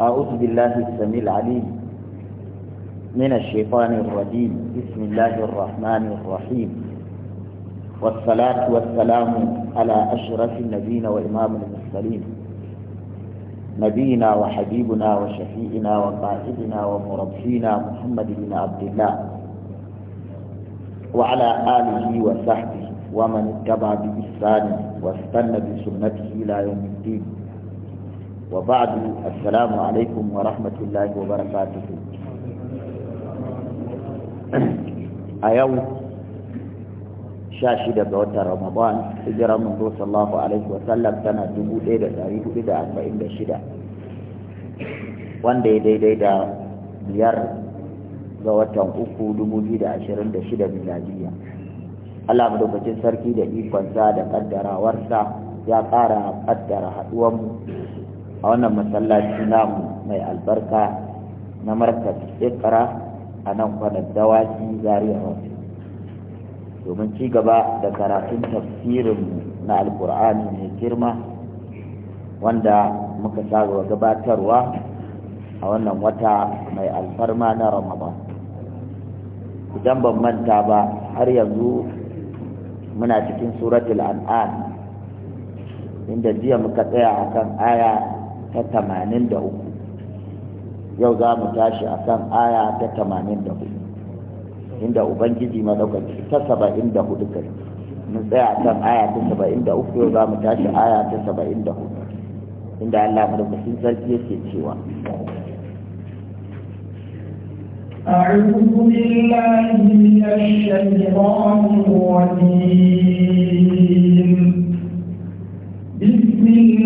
أعوذ بالله السميع العليم من الشيطان الرجيم بسم الله الرحمن الرحيم والصلاة والسلام على أشرف النبيين وإمام المرسلين نبينا وحبيبنا وشفيئنا وقائدنا ومربينا محمد بن عبد الله وعلى آله وصحبه ومن اتبع بإحسانه واستنى بسنته إلى يوم الدين وبعد السلام عليكم ورحمة الله وبركاته أيو شاشدة بوتا رمضان هجرة من صلى الله عليه وسلم سنة دبو إيدا تاريخ إيدا أربعين شدة wanda ya daidai da biyar ga watan uku dubu biyu da ashirin da shida miladiya Allah madaukakin sarki da ikonsa da kaddarawarsa ya ƙara kaddara haɗuwanmu a wannan masallaci namu mai albarka na markar ikra a nan kwanan dawaki zariya domin ci gaba da karatun tafsirin na alkur'ani mai girma wanda muka saba gabatarwa a wannan wata mai alfarma na ramadan idan ban manta ba har yanzu muna cikin suratul an'am inda jiya muka tsaya akan aya ta tamanin da uku yau za mu tashi a kan aya ta tamanin da hudu inda ubangiji maɗaukaki ta saba'in da hudu kai mu tsaya a kan aya ta saba'in da uku yau za mu tashi aya ta saba'in da hudu inda allah madaukakin sarki yake cewa أعوذ بالله من الشيطان الرجيم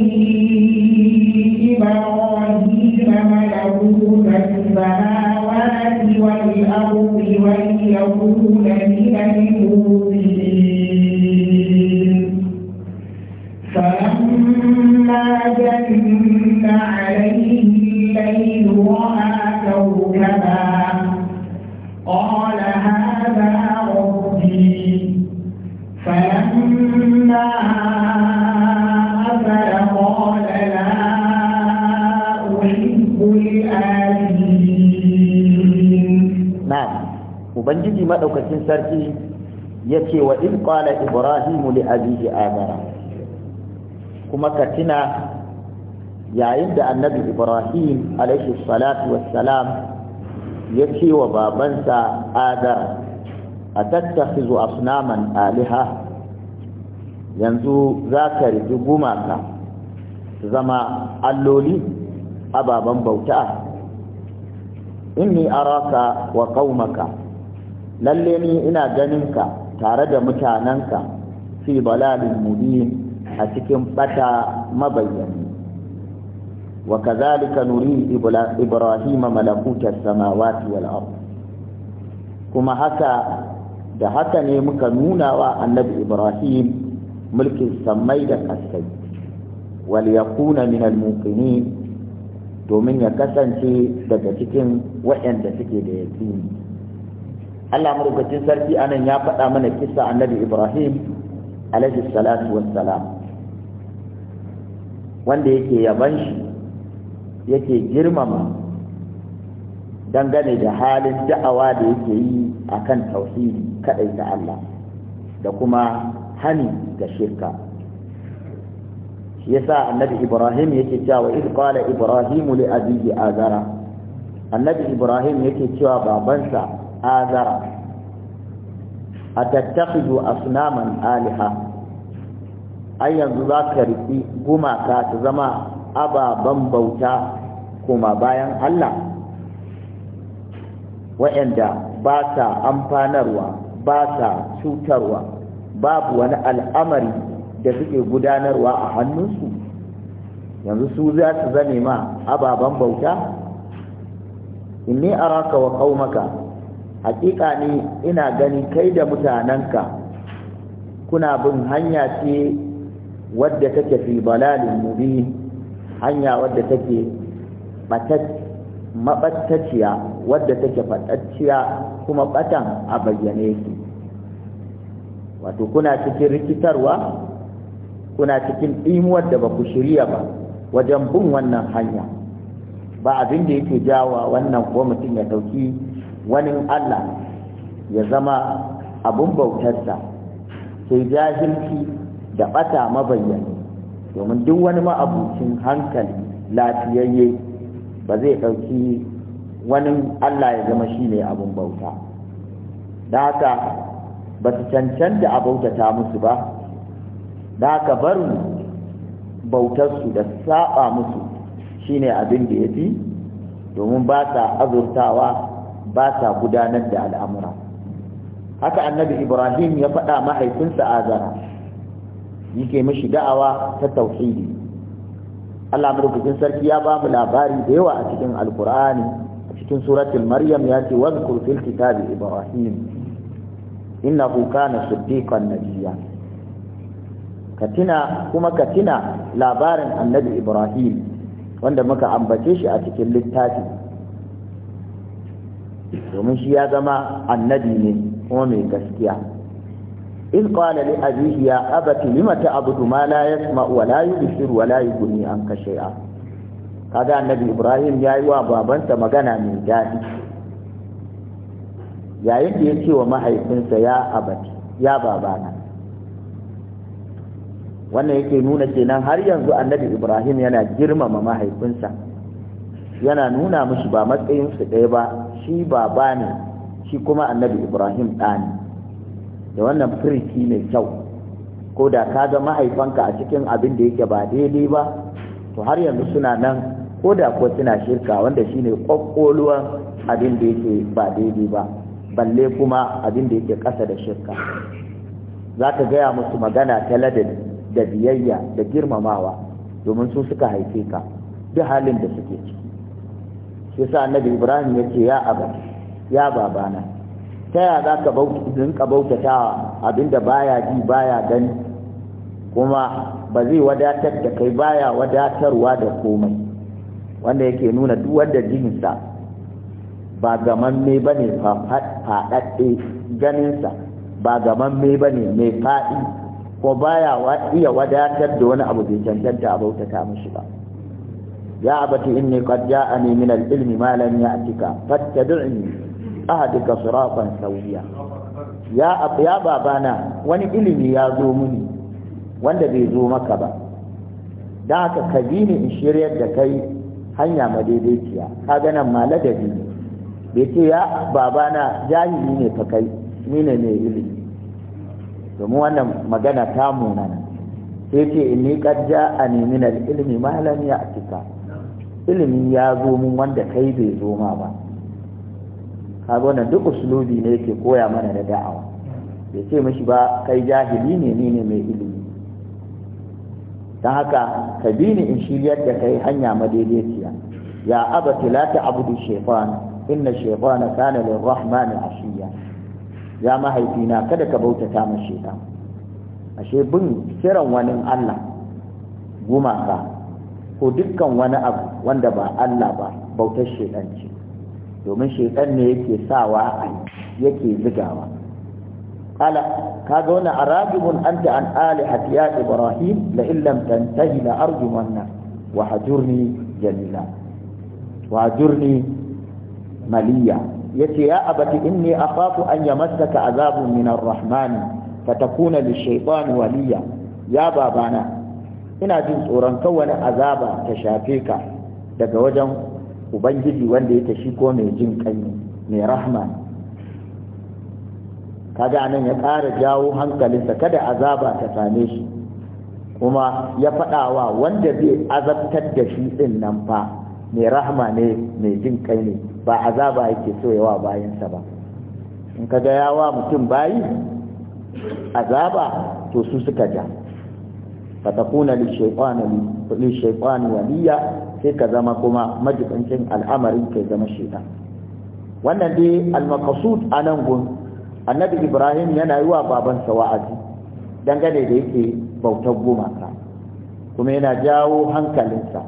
Amen. madaukakin sarki yace wa in qala ibrahim li abihi kuma ka yayin da annabi ibrahim alaihi salatu wassalam yace wa babansa a atattakhizu asnaman aliha yanzu za ka rigi gumaka zama alloli Baban bauta inni araka wa qaumaka lalle ni ina ganin ka tare da mutanenka fi balalin mubin a cikin bata mabayyani wa kazalika nuri ibrahim malakutar samawati wal ardh kuma haka da haka ne muka nuna wa annabi ibrahim mulkin sammai da kasai wal yakuna min al domin ya kasance daga cikin waɗanda suke da yaqini Allah madaukakin sarki anan ya faɗa mana kisa annabi Ibrahim alaihi salatu wassalam wanda yake yaban shi yake girmama dangane da halin da'awa da yake yi akan tausiri kadai ta Allah da kuma hani ga shirka shi yasa annabi Ibrahim yake cewa id qala Ibrahim li abihi azara annabi Ibrahim yake cewa babansa azara atattakhidhu asnaman aliha ay yanzu zaka ka guma gumaka ta zama ababen bauta kuma bayan Allah wa'anda ba sa amfanarwa ba sa cutarwa babu wani al'amari da suke gudanarwa a hannunsu yanzu su za su zame ma ababen bauta inni araka wa qaumaka hakika ne ina gani kai da mutanenka kuna bin hanya ce wadda take fi balalin mubin hanya wadda take mabattaciya wadda take fatacciya kuma batan a bayyane yake wato kuna cikin rikitarwa kuna cikin ɗimuwar da ba ku shirya ba wajen bin wannan hanya ba abin da yake jawa wannan ko mutum ya ɗauki wani Allah ya zama abun bautarsa sai jahilci da bata mabayyani domin duk wani ma'abucin hankali lafiyayye ba zai ɗauki wani Allah ya zama shi ne abun bauta da haka ba su cancanta a bautata musu ba da haka barin bautarsu da saba musu shine abin da ya fi domin ba sa azurtawa ba sa gudanar da al'amura haka annabi ibrahim ya faɗa mahaifinsa azara yake mashi da'awa ta tauhidi Allah madaukakin sarki ya ba mu labari da yawa a cikin alkur'ani a cikin suratul maryam ya ce wadhkur fil kitabi ibrahim innahu na siddiqan najiya katina kuma katina labarin annabi ibrahim wanda muka ambace shi a cikin littafi domin shi ya zama annabi ne kuma mai gaskiya إذ قال لأبيه يا ma لم تعبد ما لا يسمع ولا yi ولا an kashe شيئا kaga annabi ibrahim ya yi wa babansa magana mai daɗi yayin da ya ce wa mahaifinsa ya abati ya babana wannan yake nuna kenan har yanzu annabi ibrahim yana girmama mahaifinsa yana nuna mushi ba matsayinsu ɗaya ba shi baba ne shi kuma annabi ibrahim ɗa ne da wannan firki mai kyau ko da ka ga mahaifanka a cikin abin da yake ba daidai ba to har yanzu suna nan ko da kuwa suna shirka wanda shine kwakwoluwan abin da yake ba daidai ba balle kuma abin da yake ƙasa da shirka za ka gaya musu magana ta ladin da biyayya da girmamawa domin su suka haife ka duk halin da suke ci. shi sa annabi ibrahim ya ce ya aba ya babana ta ya za ka rinka bautata abinda baya ji baya gani kuma ba zai wadatar da kai baya wadatarwa da komai wanda yake nuna duk wanda jinsa ba gamamme ba ne faɗaɗɗe ganinsa ba gamamme ba ne mai faɗi ko baya iya wadatar da wani abu bai cancanta a bautata mashi ba ya abati inni qad ja'ani min al-ilmi ma lam ya'tika fattabi'ni ahdika siratan sawiya ya ya babana wani ilimi ya zo mini wanda bai zo maka ba da haka ka bi in shiryar da kai hanya madaidaiciya ka ga ma ladabi ne bai ce ya babana jahili ne kai ni ne ilimi magana ta munana sai ce ilmi ilimi ya zo min wanda kai bai zo ma ba kaga wannan duk usulubi ne yake koya mana da da'awa bai ce mishi ba kai jahili ne ni ne mai ilimi don haka ka bi ni in shiryar da kai hanya madaidaiciya ya abati la ta'budu shaytan inna shaytana kana lirrahmani ashiya ya mahaifina kada ka bautata ma shaytan ashe bin kiran wani Allah gumaka ko dukkan wani abu wanda ba Allah ba bautar shaitan ce domin shaitan ne yake sawa yake zigawa ala kaga wani arajibun anta an ali ya ibrahim la illam tantahi la arjumanna wa hajurni jalila wa hajurni maliya yace ya abati inni akhafu an yamassaka azabun min arrahman fatakuna lishaytan waliya ya babana ina jin tsoron kowane azaba ta shafe ka daga wajen ubangiji wanda ya tashi ko mai jin kai mai rahma kaga anan ya ƙara jawo hankalinsa kada azaba ta same shi kuma ya faɗawa wanda zai azabtar da shi ɗin nan fa mai rahma ne mai jin kai ne ba azaba yake so yawa bayansa ba in kaga yawa mutum bayi azaba to su suka ja fatakuna lishaitani Waliyya sai ka zama kuma majibancin al'amarin ke zama shaitan wannan dai almakasud a gun annabi ibrahim yana yi wa babansa wa'azi dangane da yake bautar gumaka kuma yana jawo hankalinsa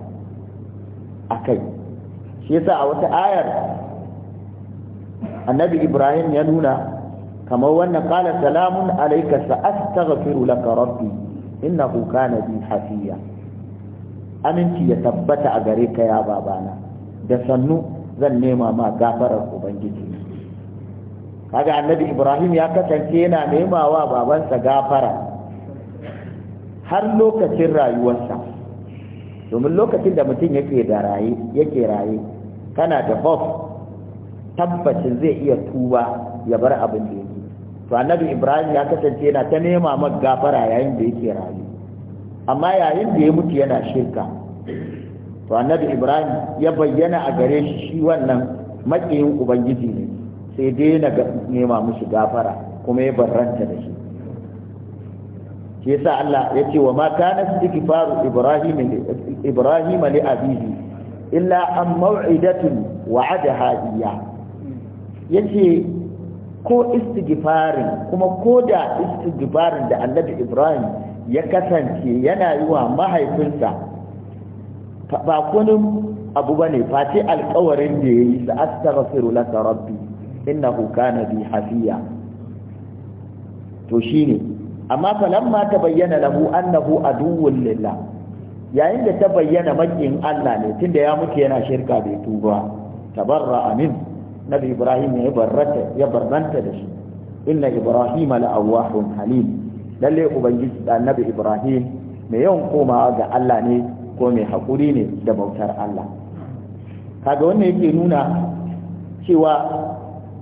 a kai shi yasa a wata ayar annabi ibrahim ya nuna kamar wannan kala salamun alaika sa'astaghfiru laka rabbi Inna innahu kana bi hafiya aminci ya tabbata a gare ka ya babana da sannu zan nema ma gafarar ubangiji kaga annabi ibrahim ya kasance yana nema wa babansa gafara har lokacin rayuwarsa domin lokacin da mutum yake da raye yake raye kana da hof tabbacin zai iya tuba ya bar abin da to annabi ibrahim ya kasance yana ta nema maka gafara yayin da yake rayu amma yayin da ya mutu yana shirka to annabi ibrahim ya bayyana a gare shi shi wannan makiyin ubangiji ne sai dai na nema mushi gafara kuma ya barranta da shi shi yasa Allah ya ce wa ma kana istighfaru ibrahim ibrahim li abihi illa an maw'idatin wa'adaha iyya yace ko istighfarin kuma ko da istighfarin da annabi ibrahim ya kasance yana yi wa mahaifinsa ba kunin abu bane face alkawarin da ya yi sa astaghfiru laka rabbi innahu kana bi hafiya to shine amma falamma tabayyana lahu annahu aduwwun lillah yayin da ta bayyana makin Allah ne tunda ya mutu yana shirka bai tuba tabarra amin nabi ibrahim ya barrata ya barbanta da shi inna ibrahim la awwahun halim lalle ubangiji Nabi ibrahim mai yawan komawa ga Allah ne ko mai hakuri ne da bautar Allah kaga wannan yake nuna cewa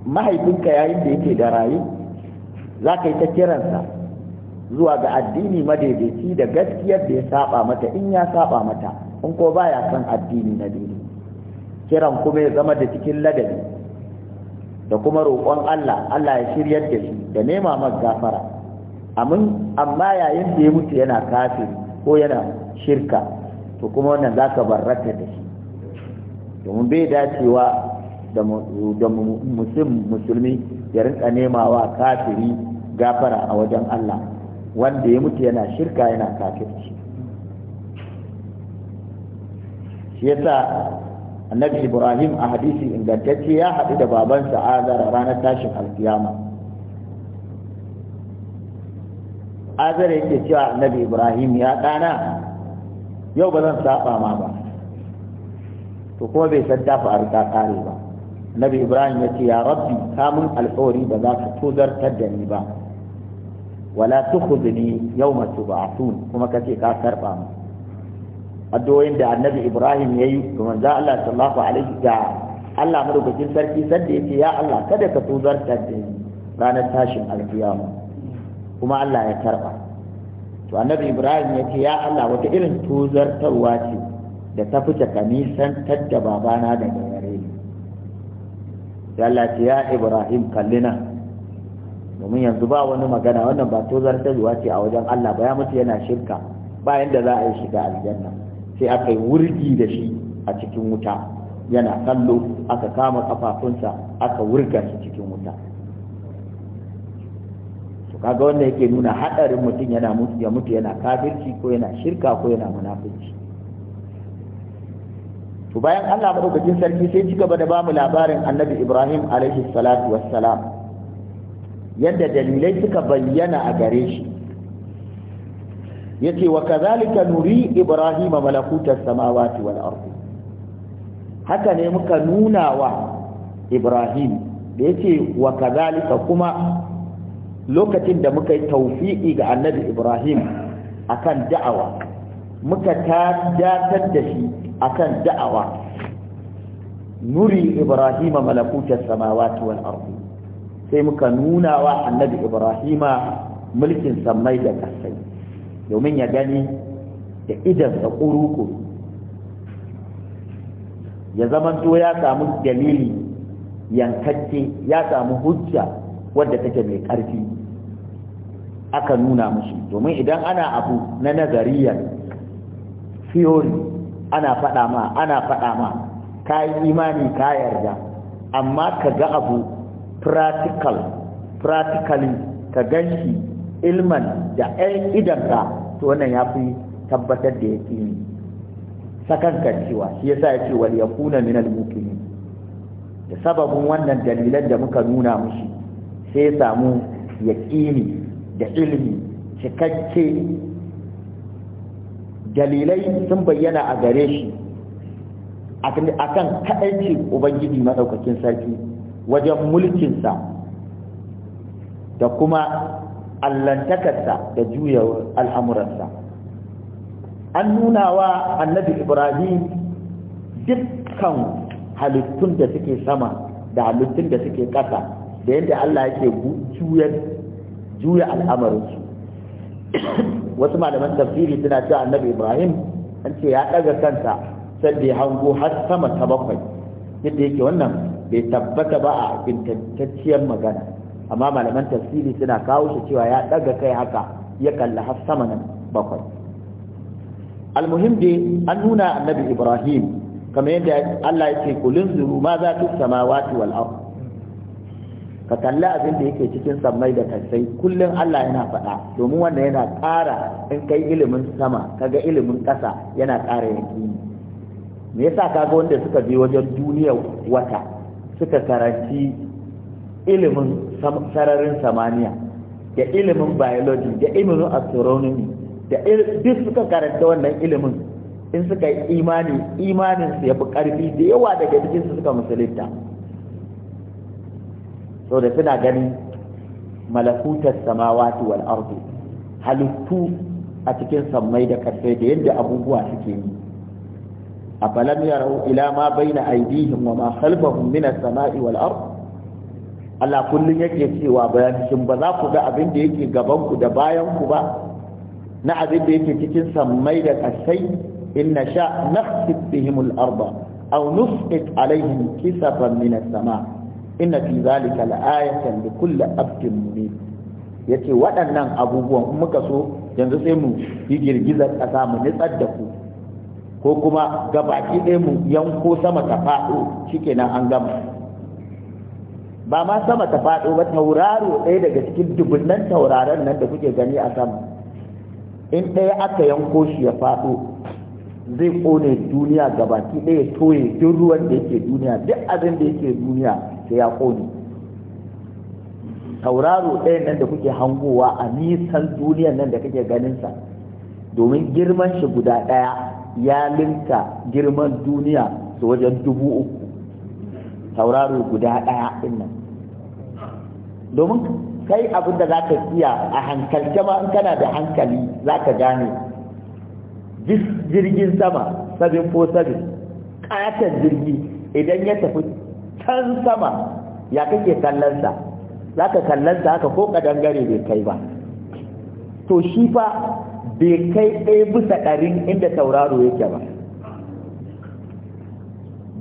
mahaifinka yayin da yake da rayu za ka yi ta kiransa zuwa ga addini madaidaici da gaskiyar da ya saba mata in ya saba mata in ko baya son addini na dini kiran kuma ya zama da cikin ladabi da kuma roƙon Allah Allah ya shiryar da shi da nema masa gafara amma yayin da ya mutu yana kafiri ko yana shirka to kuma wannan zaka barrata da shi domin bai dacewa da musulmi ya rinka nemawa kafiri gafara a wajen Allah wanda ya mutu yana shirka yana kafirci shi yasa annabi ibrahim a hadisi ingantacce ya haɗu da babansa azara ranar tashin alkiyama azara yake cewa annabi ibrahim ya ɗana yau ba zan saba ma ba to kuma bai san dafa a rika kare ba annabi ibrahim ya ce ya rabbi kamun alkawari ba za ka tozartar da ni ba wala yau yawma tub'athun kuma kace ka karba mu addu'o'in da annabi ibrahim ya yi ga manzo Allah sallallahu alaihi da Allah madaukakin sarki sanda ce ya Allah kada ka tuzar da ranar tashin alkiyama kuma Allah ya karba to annabi ibrahim ya ce ya Allah wata irin tuzartarwa ce da ta fita kamisan tadda babana da gare ni ya Allah ce ya ibrahim kallina domin yanzu ba wani magana wannan ba tozartarwa ce a wajen Allah ba ya mutu yana shirka ba yadda za a yi shiga aljanna sai aka yi wurgi da shi a cikin wuta yana kallo aka kama kafafunsa aka wurga shi cikin wuta to kaga wanda yake nuna hadarin mutum yana mutu ya mutu yana kafirci ko yana shirka ko yana munafici to bayan Allah madaukakin sarki sai ci gaba da bamu labarin Annabi Ibrahim alaihi salatu wassalam yadda dalilai suka bayyana a gare shi yace wa kadhalika nuri ibrahima malakutas samawati wal ardi haka ne muka nuna wa ibrahim da yace wa kadhalika kuma lokacin da muka yi tawfiqi ga annabi ibrahim akan da'awa muka ta datar da shi akan da'awa nuri ibrahima malakutas samawati wal ardi sai muka nuna wa annabi ibrahima mulkin sammai da kasai domin ya gani da idan da ƙuruku ya zamanto ya samu dalili yankacce ya samu hujja wadda take mai ƙarfi aka nuna mushi domin idan ana abu na nazariyar theory ana faɗa ma ana faɗa ma ka yi imani ka yarda amma ka ga abu practical practically ka gan shi ilman da ɗan idanka to wannan ya fi tabbatar da yaƙini sakankan cewa shi yasa ya ce wal yakuna min al muqinin da sababin wannan dalilan da muka nuna mushi sai ya samu yaƙini da ilimi cikakke dalilai sun bayyana a gare shi a kan kaɗaici ubangiji maɗaukakin sarki wajen mulkinsa da kuma allantakarsa da juya al'amuransa an nuna wa annabi ibrahim dukkan halittun da suke sama da halittun da suke ƙasa da yadda allah yake juya al'amarinsu wasu malaman tafsiri suna cewa annabi ibrahim an ce ya ɗaga kansa sai ya hango har sama ta bakwai yadda yake wannan bai tabbata ba a intantacciyar magana amma malaman tafsiri suna kawo shi cewa ya daga kai haka ya kalla har sama nan bakwai almuhim dai an nuna annabi ibrahim kamar yadda Allah ya ce kulin zuru ma za ta samawati wal ard ka kalli abin da yake cikin sammai da kasai kullum Allah yana faɗa domin wanda yana ƙara in kai ilimin sama kaga ilimin ƙasa yana ƙara yakini me yasa kaga wanda suka je wajen duniyar wata suka karanci ilimin sararin samaniya da ilimin biology da ilimin astronomy da duk suka karanta wannan ilimin in suka yi imani imaninsu ya fi ƙarfi da yawa daga jikinsu suka musulunta so da suna ganin malakutar samawati wal ardu halittu a cikin sammai da ƙarfe da yadda abubuwa suke yi a falam yaro ila ma baina aidihim wa ma khalfahum min as-sama'i wal Allah kullum yake cewa bayanin ba za ku ga abin da yake gaban ku da bayan ku ba na abin da yake cikin sammai da kasai in nasha nakhsif bihim al-arda aw nusqit alaihim kisafan min sama inna fi zalika la'ayatan li kulli abdin munib yace waɗannan abubuwan in muka so yanzu sai mu yi girgizar ƙasa mu nitsar da ku ko kuma gabaki ɗaya mu yanko sama ta faɗo shikenan an gama ba ma sama ta faɗo ba tauraro ɗaya daga cikin dubunnan tauraron nan da kuke gani a sama in ɗaya aka yanko shi ya faɗo zai ƙone duniya ki ɗaya toye duk ruwan da yake duniya duk abin da yake duniya sai ya ƙone tauraro ɗaya nan da kuke hangowa a nisan duniyan nan da kake ganinsa domin girman shi guda ɗaya ya linka girman duniya su wajen dubu uku tauraro guda ɗaya ɗin nan domin kai abin da za ka iya a hankalce ma kana da hankali za ka gane jirgin sama sabin ko sabin ƙaton jirgi idan ya tafi can sama ya kake kallonsa za ka kallonsa haka ko ƙadangare bai kai ba to shi fa bai kai ɗaya bisa ɗarin inda tauraro yake ba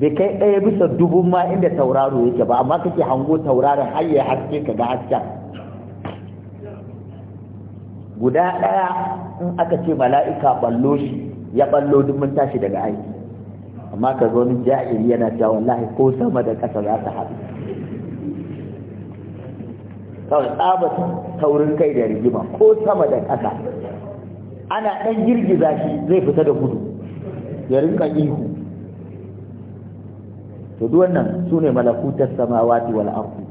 bai kai ɗaya bisa dubun ma inda tauraro yake ba amma kake hango tauraron har ya haske ka ga hasken guda ɗaya in aka ce mala'ika ballo shi ya ballo duk mun tashi daga aiki amma ka zo ni ja'iri yana cewa wallahi ko sama da ƙasa za ta haɗu kawai tsaba taurin kai da rigima ko sama da ƙasa ana ɗan girgiza shi zai fita da gudu ya rinka ihu to duk wannan su ne malakutar samawati wal ardi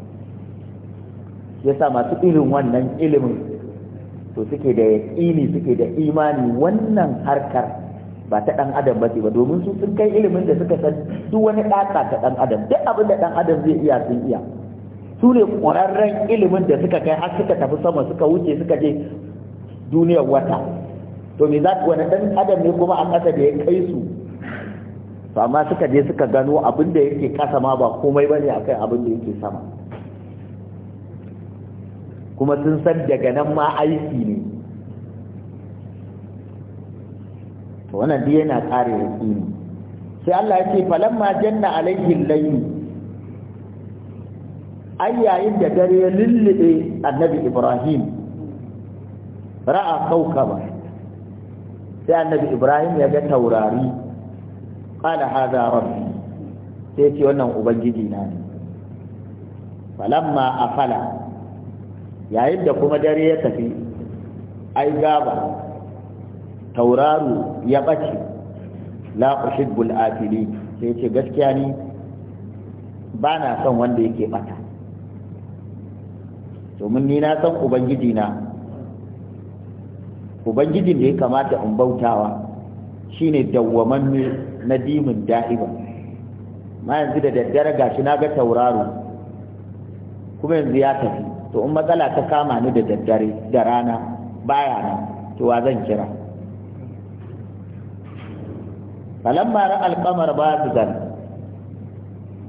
yasa masu irin wannan ilimin to suke da yaƙini suke da imani wannan harkar ba ta ɗan adam ba ce ba domin su sun kai ilimin da suka san duk wani ɗaka ta ɗan adam duk abin da ɗan adam zai iya sun iya su ne ƙwararren ilimin da suka kai har suka tafi sama suka wuce suka je duniyar wata to me za wani ɗan adam ne kuma a ƙasa da ya kai su to amma suka je suka gano abin da yake kasa ma ba komai a kai abin da yake sama kuma sun san daga nan ma aiki ne to wannan dai yana kare ne. sai Allah ya ce falamma janna alaihi al-layl ai yayin da dare ya lullube annabi Ibrahim ra'a kaukaba sai annabi Ibrahim ya ga taurari qala hadha rabbi sai ce wannan ubangiji na ne falamma afala yayin da kuma dare ya tafi ai gaba tauraro ya bace la ushibbul afili sai ce gaskiya ni ba na son wanda yake bata domin ni na san ubangiji na ubangijin da ya kamata in bautawa shine dawwamanni Na dimin da'iba ma yanzu da daddare ga shi na ga tauraro kuma yanzu ya tafi to in matsala ta kama ni da daddare da rana baya na to wa zan kira falamma ra alqamar bazigan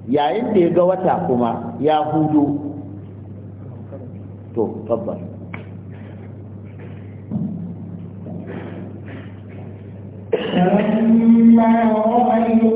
yayin da ya ga wata kuma ya hudu to tabbas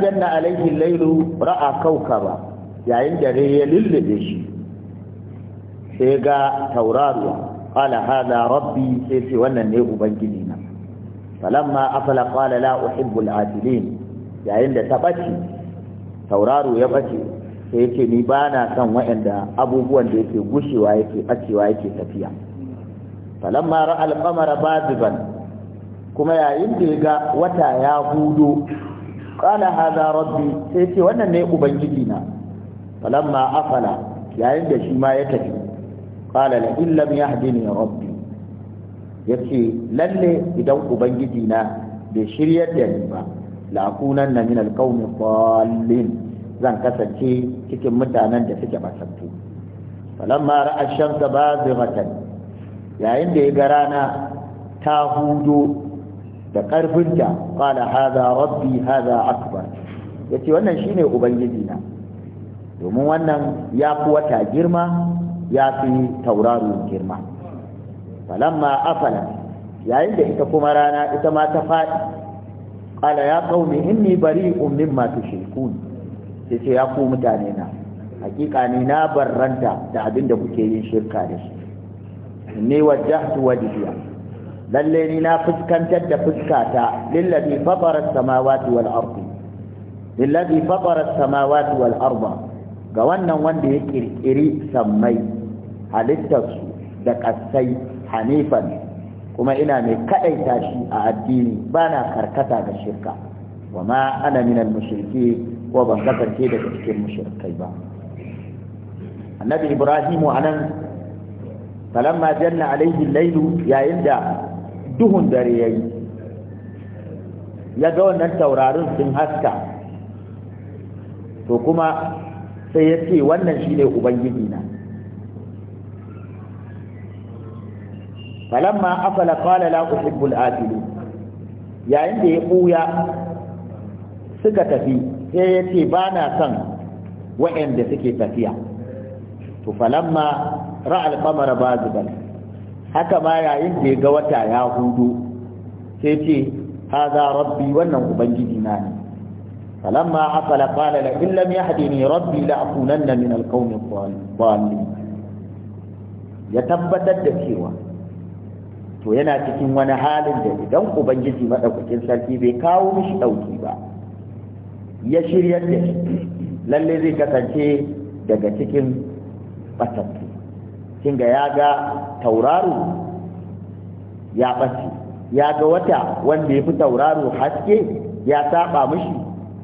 janna alaihi lailu ra'a kaukaba yayin dare ya lullube shi sai ga tauraru qala hada rabbi sai ce wannan ne ubangiji na falamma afala qala la uhibbul adilin yayin da ta bace tauraro ya bace sai yace ni ba na son waɗanda abubuwan da yake gushewa yake bacewa yake tafiya falamma ra'a al-qamara baziban kuma yayin da ya ga wata ya hudo qala hadha rabbi sai ce wannan ne ubangiji na falamma afala yayin da shi ma ya tafi qala la in lam yahdini rabbi yace lalle idan ubangiji na bai shiryar da ni ba la akunanna min alqawmi dallin zan kasance cikin mutanen da suke basantu falamma ra'a ash-shamsa bazighatan yayin da ya ga rana ta hudo da ƙarfinta qala hadha rabbi hadha akbar yace wannan shine ubangiji na domin wannan ya fi wata girma ya fi tauraro girma falamma afala yayin da ita kuma rana ita ma ta faɗi Ƙala ya qaumi inni bari'un mimma tushrikun sai ce ya ku mutane na hakika ne na barranta da abin da kuke yin shirka da shi inni wajjahtu wajhiya lalle ni na fuskantar da fuskata ta, fatara samawati wal ardi lillazi fatara samawati wal ga wannan wanda ya kirkiri sammai halittarsu da ƙasai, hanifan kuma ina mai kaɗaita shi a addini bana karkata ga shirka wa ma ana minal mushriki ko ban kasance daga cikin mushrikai ba annabi ibrahimu anan falamma janna alaihi lailu yayin da duhun dare ya yi ya ga wannan taurarin sun haska to kuma sai ya ce wannan shi ne ubangiji na falamma afala qala la uhibbu al yayin da ya buya suka tafi sai ya ce ba na son wa'anda suke tafiya to falamma ra'al qamara baziban haka ma yayin da ya ga wata ya hudu sai ce haza rabbi wannan ubangiji na ne falamma asala qala la in lam yahdini rabbi la akunanna min alqawmi dhalin ya tabbatar da cewa to yana cikin wani halin da idan ubangiji madaukakin sarki bai kawo mishi dauki ba ya shiryar da shi lalle zai kasance daga cikin batattu kin ga ya ga tauraro ya ɓace ya ga wata wanda ya fi tauraro haske ya saba mishi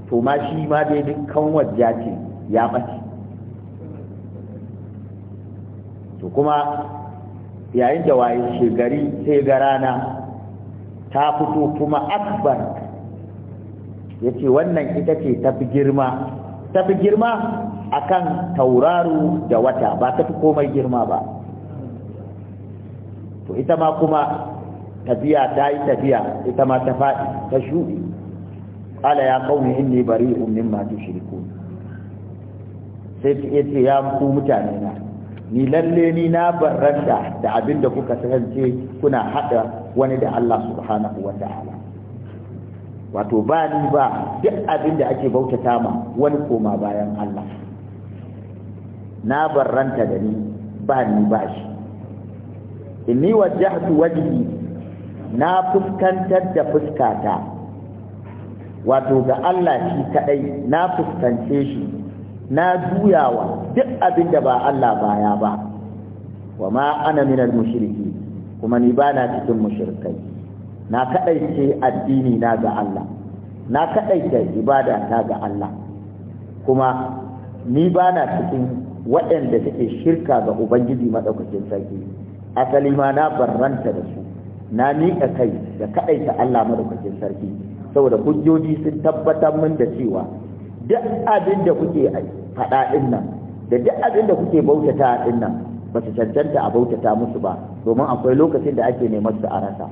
to ma shi ma dai dukkan wajja ce ya ɓace to kuma yayin da waye shegari sai ga rana ta fito kuma akbar ya ce wannan ita ce tafi girma tafi girma akan tauraru da wata ba ta fi komai girma ba to ita ma kuma tafiya ta yi tafiya ita ma ta faɗi ta shuɗi ƙala ya ƙauni inni bari ummin masu shirku sai ya ce ya ku mutane na ni lalle ni na barranta da abin da kuka sanance kuna haɗa wani da Allah subhanahu wa wato ba ni ba duk abin da ake bautata ma wani koma bayan Allah na barranta da ni ba ni ba shi inni wajjahtu wajhi na fuskantar da fuskata wato ga Allah shi kadai na fuskance shi na juyawa duk abin da ba Allah baya ba wa ma ana minal mushriki kuma ni bana cikin mushrikai na kadai ce addini na ga Allah na kadai ce ibada ta ga Allah kuma ni bana cikin waɗanda take shirka ga ubangiji maɗaukakin sarki asali ma na barranta da su na miƙa kai da kaɗaita Allah maɗaukakin sarki saboda hujjoji sun tabbatar min da cewa duk abin da kuke faɗa ɗin nan da duk abin da kuke bautata ɗin nan ba su cancanta a bautata musu ba domin akwai lokacin da ake neman su a rasa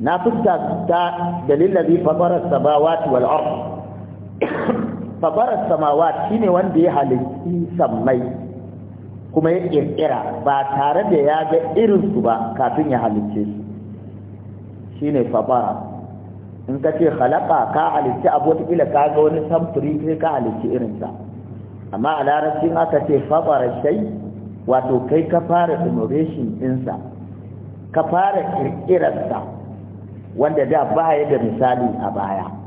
na fuskanta dalilin zai famarar samawati wal ardh fabarar samawa shine wanda ya halitti sammai kuma ya kirkira ba tare da ya ga irinsu ba kafin ya halitte su shine fabara in ka ce halaka ka halitti abu ka ga wani samfuri sai ka halitti irinsa amma a in aka ce fabara shai wato kai ka fara innovation ɗinsa ka fara ƙirƙirarsa wanda da ba ya da misali a baya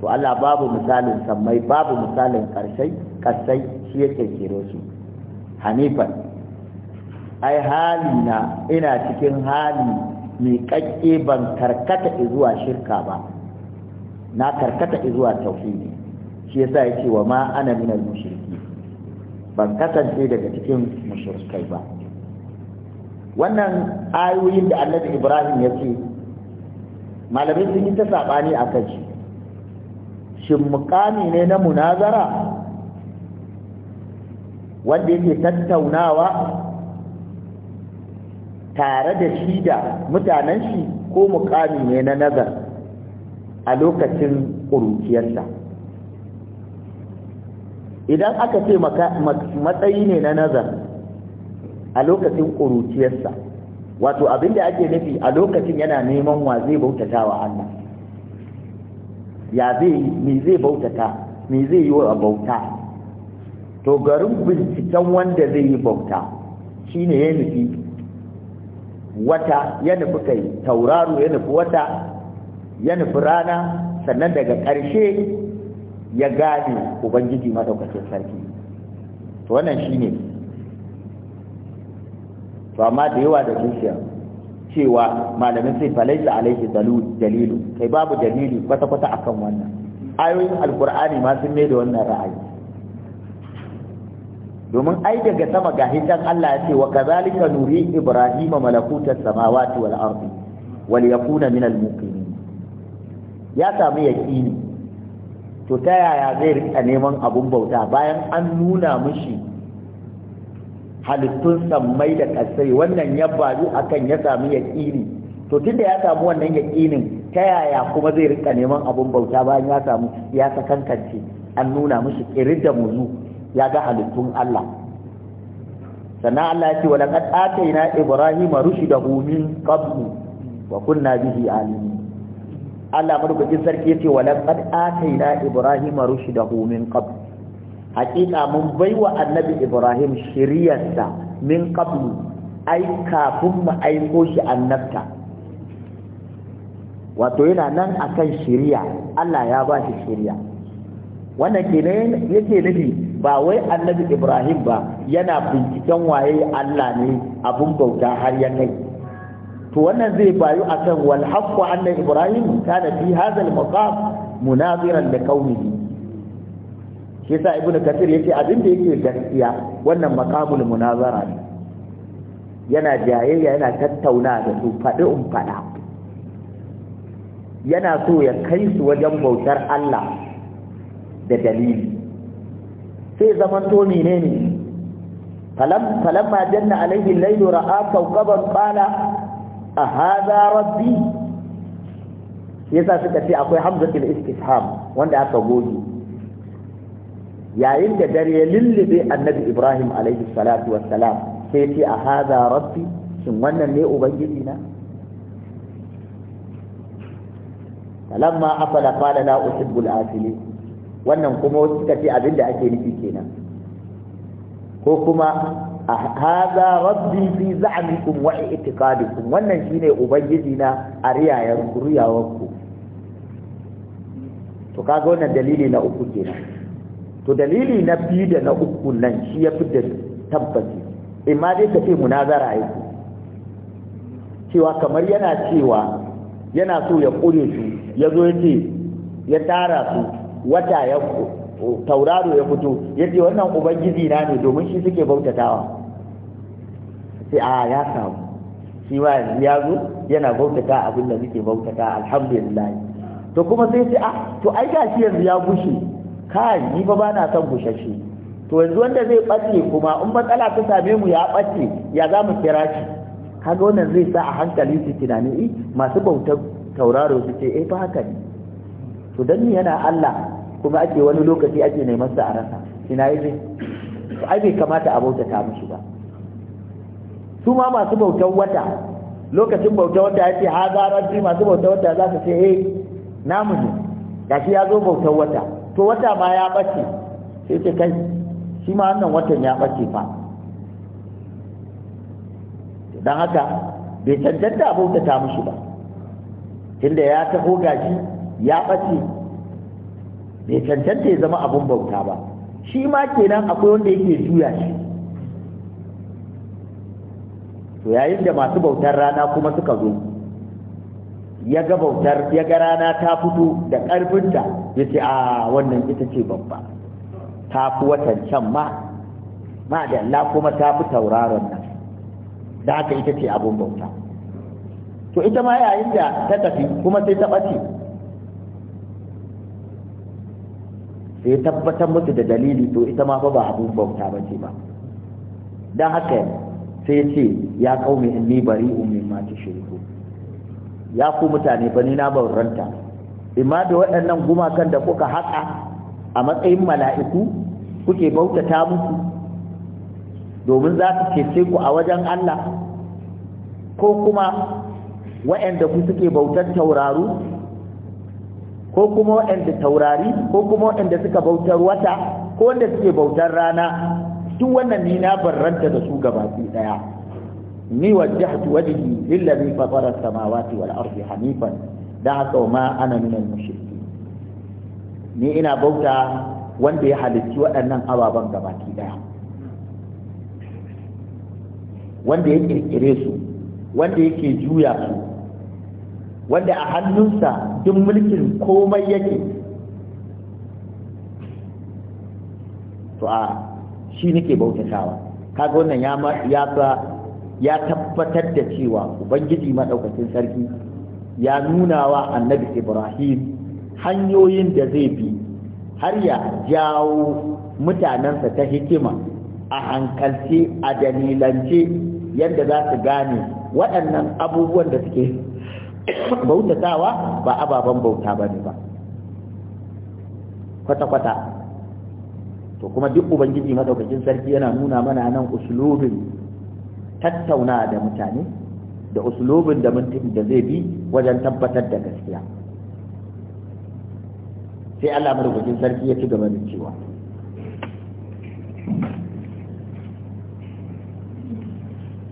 to Allah babu misalin sammai babu misalin ƙarsai ƙasai shi yake kero su hanifan ai hali na ina cikin hali mai ƙaƙƙe ban karkata zuwa shirka ba na karkata zuwa tauhidi shi yasa yake wa ma ana minal mushriki ban kasance daga cikin mushrikai ba wannan ayoyin da annabi ibrahim ya ce malamai sun yi ta saɓani a kan shi shin mukami ne na munazara wanda yake tattaunawa tare da shi da mutanen shi ko mukami ne na nazar a lokacin ƙuruciyarsa idan aka ce matsayi ne na nazar a lokacin ƙuruciyarsa wato abinda ake nufi a lokacin yana neman wa zai bautatawa Allah ya zai me zai bautata me zai yi wa bauta to garin binciken wanda zai yi bauta shine ya nufi wata ya nufi kai tauraro ya nufi wata ya nufi rana sannan daga ƙarshe ya gane ubangiji maɗaukacin sarki to wannan shine to amma da yawa da zuciya cewa malamin sai falaisa alaihi dalilu kai babu dalili kwata-kwata akan wannan ayoyin alkur'ani ma sun mai da wannan ra'ayi domin ai daga sama ga hitan Allah ya ce wa kazalika nuri ibrahim malakuta samawati wal ardi wal yakuna min al muqinin ya samu yaqini to ta yaya zai rika neman abun bauta bayan an nuna mishi halittun samai da kasai wannan ya faru akan ya samu yaƙini to tunda ya samu wannan yaƙinin ta yaya kuma zai rika neman abun bauta bayan ya samu ya sakankance an nuna mishi irin da muzu ya ga halittun Allah sannan Allah ya ce walaqad ataina ibrahima rushdahu min qablu wa kunna bihi alimin Allah madaukakin sarki yace walaqad ataina ibrahima rushdahu min qablu Haƙiƙa mun baiwa annabi ibrahim shiriyarsa min qablu ai kafin mu aiko shi annabta wato yana nan akan shiriya Allah ya ba shi shiriya wannan kenan yake nufi ba wai annabi ibrahim ba yana binciken waye Allah ne abun bauta har ya to wannan zai bayu akan wal haqqu Annabi ibrahim kana fi hadha maqam munaziran da shi yasa Ibn kathir yace abin da yake gaskiya wannan maqamul munazara ne yana jayayya yana tattauna da su faɗi in yana so ya kai su wajen bautar Allah da dalili sai zaman to ne falam falamma janna alaihi al-layl ra'a kawkaban qala a hadha rabbi yasa suka ce akwai hamzatul istisham wanda aka goge yayin da dare ya lullube annabi ibrahim alaihi salatu wassalam sai ce a haza rabbi shin wannan ne ubangiji na falamma afala qala la uhibbul afili wannan kuma wasu suka ce abinda ake nufi kenan ko kuma a haza rabbi fi za'mikum wa i'tiqadikum wannan shine ubangiji na a riyayen ku. to kaga wannan dalili na uku kenan to dalili na biyu da na uku nan shi ya fi da tabbaci imma dai ka ce munazara yake cewa kamar yana cewa yana so ya ƙure su ya zo ya ce ya tara su wata ya tauraro ya fito ya ce wannan ubangiji na ne domin shi suke bautatawa sai a ya samu shi ma ya zo yana bautata abin da suke bautata alhamdulillah to kuma sai sai a ah, to ai gashi yanzu ya bushe kai ni ba bana son gushashe to yanzu wanda zai bace kuma in matsala ta same mu ya bace ya za mu kira shi kaga wannan zai sa a hankali su tunani eh masu bautar tauraro su ce eh fa haka ne to dan ni yana Allah kuma ake wani lokaci ake neman sa a rasa ina yake to ai bai kamata a bautata mushi ba su ma masu bautar wata lokacin bautar wata ya ce ha zarar masu bautar wata za su ce eh namu ne gashi ya zo bautar wata to wata ma ya ɓace sai ce kai shi ma wannan watan ya ɓace fa don haka bai cancanta a ta mushi ba tunda ya taho gashi ya ɓace bai cancanta ya zama abun bauta ba shi ma kenan akwai wanda yake juya shi to yayin da masu bautar rana kuma suka zo ya ga bautar ya ga rana ta fito da ƙarfinta ya ce a wannan ita ce babba ta fi watan can ma ma da Allah kuma ta fi tauraron nan da haka ita ce abun bauta to ita ma yayin da ta tafi kuma sai ta ɓace sai tabbatar musu da dalili to ita ma fa ba abun bauta ba ce ba don haka sai ce ya kaumi inni ma ta shirku ya ku mutane ba ni na ranta. imma da waɗannan gumakan da kuka haƙa a matsayin mala'iku kuke bautata musu domin za su cece ku a wajen Allah ko kuma waɗanda ku suke bautar tauraru ko kuma waɗanda taurari ko kuma waɗanda suka bautar wata ko wanda suke bautar rana duk wannan ni na barranta da su gabaki daya ni wajjahtu wajhi lillazi fatara samawati wal ardi hanifan da haka ma ana nuna ni ina bauta wanda ya halicci waɗannan ababen gabaki daya wanda ya kirkire su wanda yake juya su wanda a hannunsa duk mulkin komai yake to a shi nake bautatawa kaga wannan ya ya ya tabbatar da cewa ubangiji madaukakin sarki ya nuna wa annabi ibrahim hanyoyin da zai bi har ya jawo mutanensa ta hikima a hankalce a dalilance yadda za su gane waɗannan abubuwan da suke bautatawa ba ababen bauta ba ne ba kwata-kwata to kuma duk ubangiji madaukakin sarki yana nuna mana nan uslubin tattauna da mutane da uslubin da da zai bi wajen tabbatar da gaskiya sai Allah madaukakin sarki ya ci gaba da cewa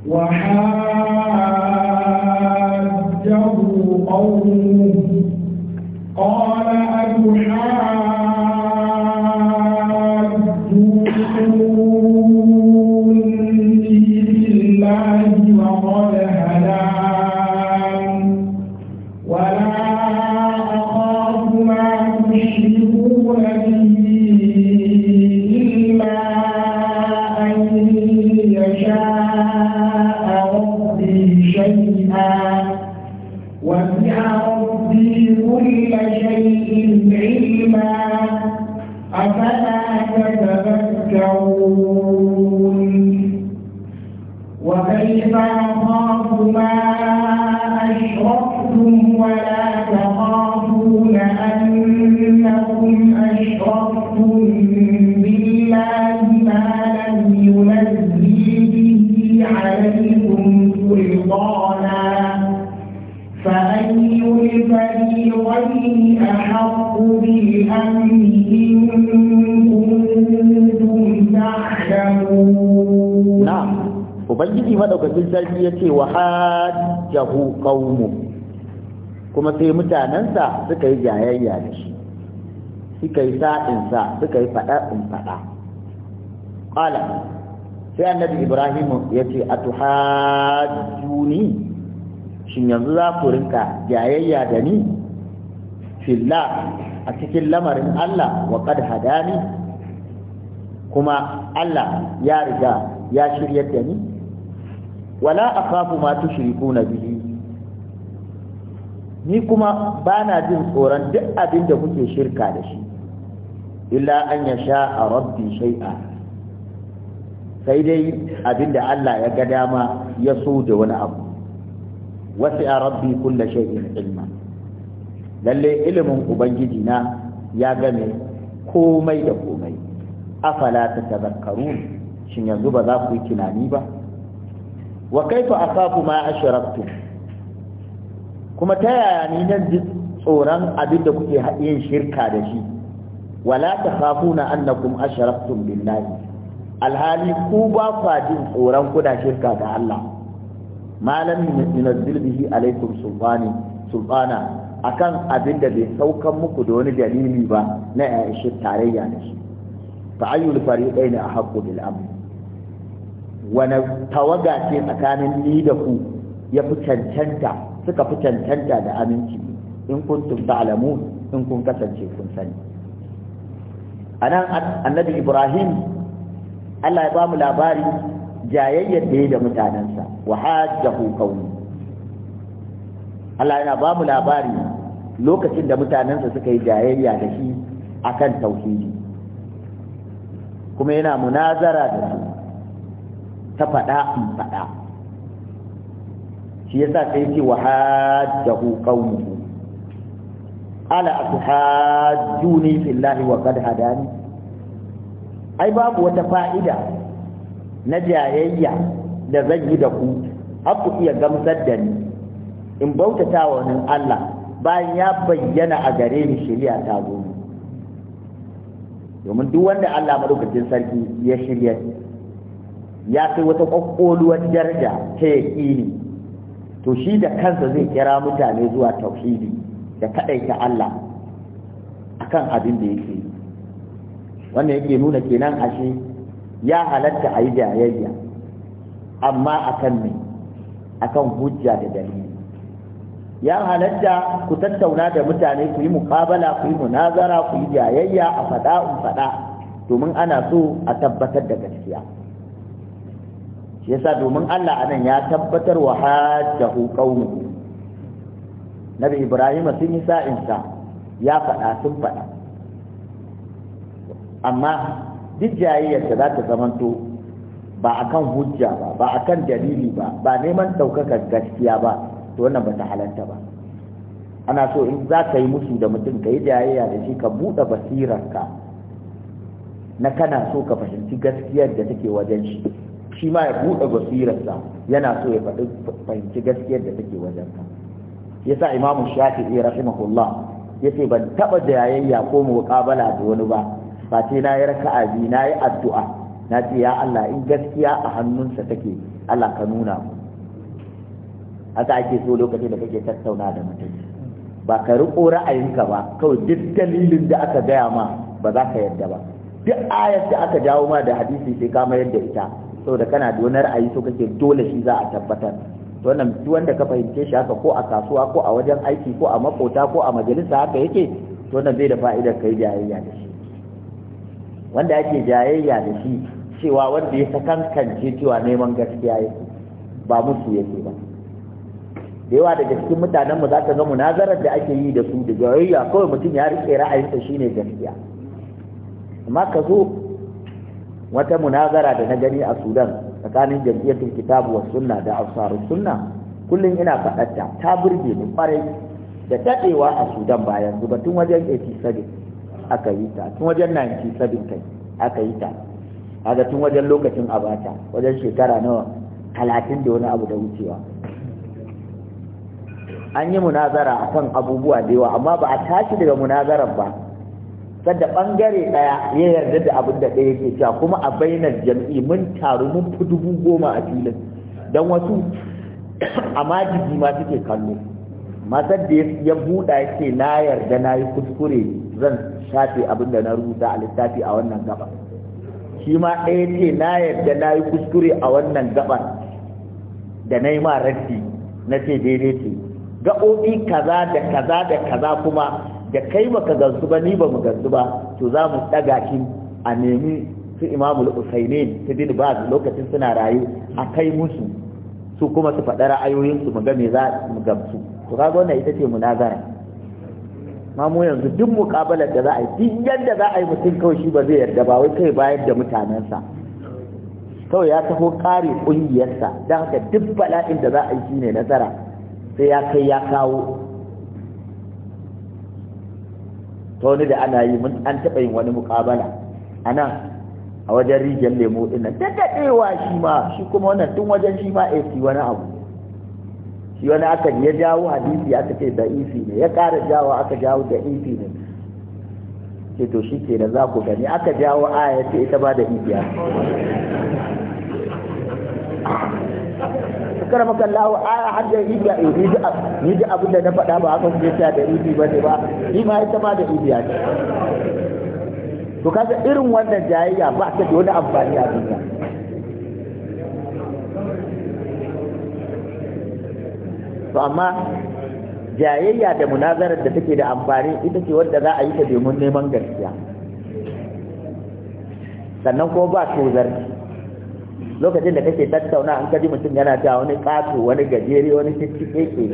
وحاجه قومه قال أتحاجه ubangiji madaukakin sarki ya ce wa hajjahu qaumu kuma sai mutanansa suka yi jayayya da shi suka yi sa'in sa suka yi fada in fada qala sai annabi ibrahim ya ce atuhajjuni shin yanzu za ku rinka jayayya da ni filla a cikin lamarin Allah wa kad hadani kuma Allah ya riga ya shiryar da ni wala a akhafu ma na bihi ni kuma bana jin tsoron duk abin da kuke shirka da shi illa an sha a rabbi shay'a sai dai abin da Allah ya ga dama ya so da wani abu wasi a rabbi kulla shay'in ilma lalle ilimin ubangiji na ya game komai da komai afala ta shin yanzu ba za ku yi tunani ba wa kaifa akafu ma ashraktu kuma ta yaya ni nan ji tsoron abin da kuke yin shirka da shi wala na annakum ashraktum billahi alhali ku ba kwa jin tsoron kuna shirka ga Allah malam yunazzil bihi alaikum sultani sultana akan abin da bai saukan muku da wani dalili ba na shi tarayya da shi fa ayyul fariqaini ahqqu bil amn wani tawaga ce tsakanin ni da ku ya fi cancanta suka fi cancanta da aminci in kun kuntum alamu in kun kasance kun sani A nan annabi ibrahim Allah ya bamu labari jayayyar da ya da mutanensa wa hajjahu kauni. Allah yana bamu labari lokacin da mutanensa suka yi jayayya da shi akan tauhidi kuma yana munazara da su ta faɗa in faɗa shi yasa sai ce wa hajjahu qawmuhu ala atuhajjuni fillahi wa qad hadani ai babu wata fa'ida na jayayya da zan yi da ku har ku iya gamsar da ni in bautata wa wani Allah bayan ya bayyana a gare ni shirya ta zo domin duk wanda Allah madaukakin sarki ya shirya ya kai wata ƙwaƙƙoluwar daraja ta yaƙini to shi da kansa zai kira mutane zuwa tauhidi da kaɗaita Allah akan abin da yake wannan yake nuna kenan ashe ya halatta a yi jayayya amma akan a akan hujja da dalili ya halatta ku tattauna da mutane ku yi muƙabala ku yi munazara ku yi jayayya a faɗa in faɗa domin ana so a tabbatar da gaskiya yasa domin Allah anan ya tabbatar wa hajjahu qaumuhu nabi ibrahim sun yi sa ya faɗa sun faɗa amma duk jayayyarsa za ta zamanto ba akan hujja ba ba akan dalili ba ba neman ɗaukakar gaskiya ba to wannan ba ta halanta ba ana so in za ka yi musu da mutum ka yi jayayya da shi ka buɗe basirarka na kana so ka fahimci gaskiyar da take wajen shi shi ma ya buɗe basirarsa yana so ya faɗi fahimci gaskiyar da take wajen ka yasa imamu shafi'i rahimahullah ce ban taba jayayya ko muƙabala da wani ba ba ce na yi raka'a bi na yi addu'a na ce ya Allah in gaskiya a hannunsa take Allah ka nuna mu haka ake so lokacin da kake tattauna da mutum ba ka riƙo ra'ayinka ba kawai duk dalilin da aka gaya ma ba za ka yarda ba duk ayar da aka jawo ma da hadisi sai ka mayar da ita saboda kana da wani ra'ayi so kake dole shi za a tabbatar to wannan duk wanda ka fahimce shi haka ko a kasuwa ko a wajen aiki ko a makota ko a majalisa haka yake to wannan zai da fa'idar kai jayayya da shi wanda ake jayayya da shi cewa wanda ya kankance cewa neman gaskiya yake ba musu yake ba da yawa daga cikin mutanen mu zaka ga munazarar da ake yi da su da jayayya kawai mutum ya rike ra'ayinsa shine gaskiya amma ka zo wata munazara da na gani a sudan tsakanin jam'iyyatul kitabu wa sunna da ansarus sunna kullum ina faɗarta ta burge ni kwarai da tadewa a sudan bayan zuba tun wajen 87 aka yi ta tun wajen 97 kai aka yi ta kaga tun wajen lokacin abata wajen shekara nawa talatin da wani abu da wucewa an yi munazara akan abubuwa da yawa amma ba a tashi daga munazaran ba kada bangare daya ya yarda da abin da daya ke cewa kuma a bainar jam'i mun taru mun fi dubu goma a filin don wasu a majiji ma suke kallo matar da ya buɗa ya na yarda na yi kuskure zan shafe abin da na rubuta a littafi a wannan gaba shi ma ɗaya ce na yarda na yi kuskure a wannan gaban da na yi ma raddi na ce daidai ce gaɓoɓi kaza da kaza da kaza kuma da kai baka gansu ba ni ba mu gansu ba to za mu ɗaga shi a nemi su imamu usainin su bin ba lokacin suna rayu a kai musu su kuma su faɗa ra'ayoyinsu mu ga me za mu gamsu to kaga wannan ita ce munazara ma mu yanzu duk muƙabalar da za a yi duk yadda za a yi mutum kawai shi ba zai yarda ba wai kai bayar da mutanensa kawai ya taho kare ƙungiyarsa don haka duk bala'in da za a yi shine nasara sai ya kai ya kawo ta wani da ana yi mun an taɓa yin wani mukabala a nan a wajen rijiyar lemo ɗin nan ta daɗewa shi ma shi kuma wannan tun wajen shi ma a fi wani abu shi wani aka ya jawo hadisi aka ce da ifi ne ya ƙara jawo aka jawo da ifi ne ce to shi ke da za ku gani aka jawo aya ce ita ba da ifiya karama lawo a hadda ibiya ni da ni da abin da na faɗa ba haka kuma cewa da ibi ba ne ba ni ma ita ma da ibiya ce to kaga irin wannan jayayya ba ta da wani amfani a duniya to amma jayayya da munazarar da take da amfani ita ce wanda za a yi ta domin neman gaskiya sannan kuma ba tozarci lokacin da kake tattauna an kaji mutum yana ta wani ƙato wani gajere wani cikikeke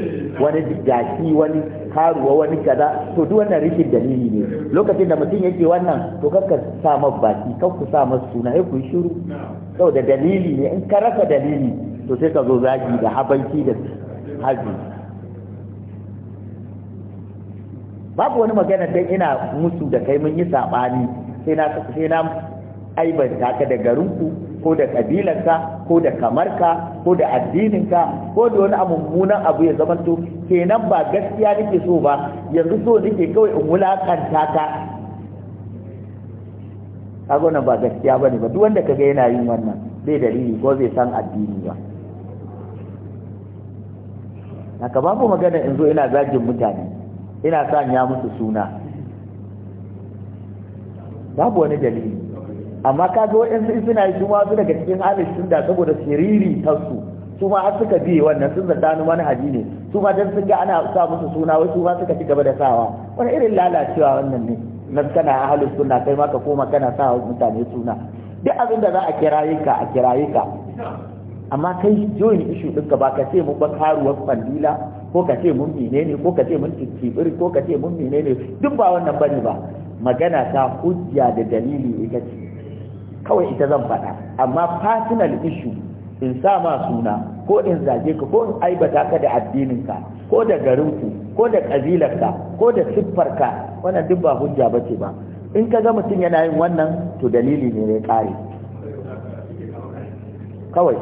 wani gashi wani karuwa wani kaza to duk wannan rikin dalili ne lokacin da mutum yake wannan to kakka sa masa baki kakku sa masa suna ya ku shiru saboda dalili ne in ka rasa dalili to sai ka zo zagi da habanci da haji babu wani magana dan ina musu da kai mun yi sabani sai na sai na aibanta ka da garinku ko da kabilarka ko da kamarka ko da addininka ko da wani mummunan abu ya zamanto kenan ba gaskiya nake so ba yanzu so nake kawai in wulakanta ka kaga wannan ba gaskiya bane ba duk wanda kaga yana yin wannan bai dalili ko zai san addini ba haka babu magana in zo ina zagin mutane ina sanya musu suna babu wani dalili amma kaga waɗansu suna yi kuma su daga cikin ahlus sunna saboda siriri tasu su ma har suka biye wannan sun zata ni manhaji ne su ma dan sun ga ana sa musu suna wai su ma suka ci gaba da sawa wani irin lalacewa wannan ne na kana ahlus sunna kai ma ka koma kana sa mutane suna duk abin da za a yi ka a yi ka amma kai join issue ka ba ka ce mu ba karuwar ko ka ce mun menene ko ka ce mun tibiri ko ka ce mun menene duk ba wannan bane ba magana ta hujja da dalili ita ce kawai ita zan faɗa amma personal issue in sa ma suna ko in zage ka ko in aibata ka da addininka ko da garinku ko da ƙabilarka ko da siffarka wannan duk ba hujja ba ce ba in ka ga mutum yana yin wannan to dalili ne ya ƙare kawai